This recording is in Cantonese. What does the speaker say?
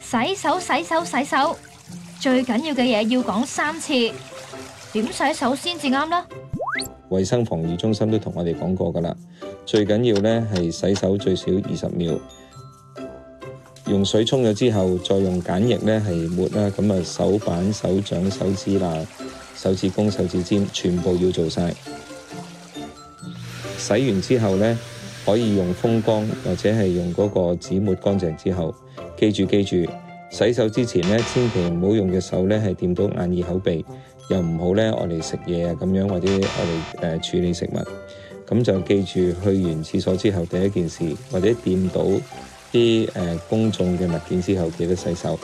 洗手，洗手，洗手，最緊要嘅嘢要講三次。點洗手先至啱咧？衛生防疫中心都同我哋講過噶啦，最緊要呢係洗手最少二十秒，用水沖咗之後，再用梘液呢係抹啦。咁啊，手板、手掌、手指罅、手指公、手指尖，全部要做晒。洗完之後咧，可以用風乾或者係用嗰個紙抹乾淨之後，記住，記住，洗手之前咧，千祈唔好用隻手咧係掂到眼耳口鼻，又唔好咧我哋食嘢啊，咁樣或者我哋誒處理食物。咁就記住去完廁所之後第一件事，或者掂到啲誒、呃、公眾嘅物件之後，記得洗手。